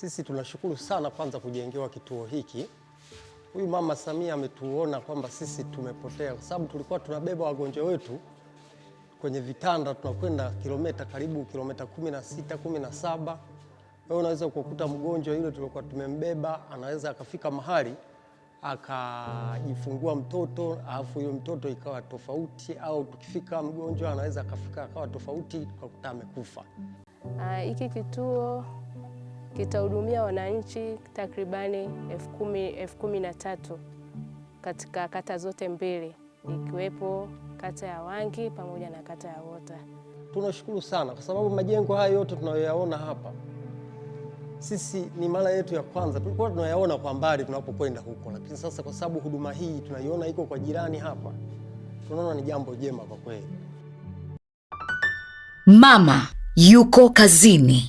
Sisi tunashukuru sana kwanza kujengewa kituo hiki. Huyu mama Samia ametuona kwamba sisi tumepotea, kwa sababu tulikuwa tunabeba wagonjwa wetu kwenye vitanda tunakwenda kilomita karibu kilomita kumi na sita kumi na saba Wewe unaweza kukuta mgonjwa yule tulikuwa tumembeba anaweza akafika mahali akajifungua mtoto alafu yule mtoto ikawa tofauti, au tukifika mgonjwa anaweza akafika akawa tofauti kwa kuta amekufa. Ah, hiki uh, kituo kitahudumia wananchi takribani elfu kumi na tatu katika kata zote mbili ikiwepo kata ya Wangi pamoja na kata ya Wota. Tunashukuru sana kwa sababu majengo haya yote tunayoyaona hapa sisi ni mara yetu ya kwanza, tulikuwa tunayaona kwa mbali tunapokwenda huko, lakini sasa kwa sababu huduma hii tunaiona iko kwa jirani hapa, tunaona ni jambo jema kwa kweli. Mama yuko kazini.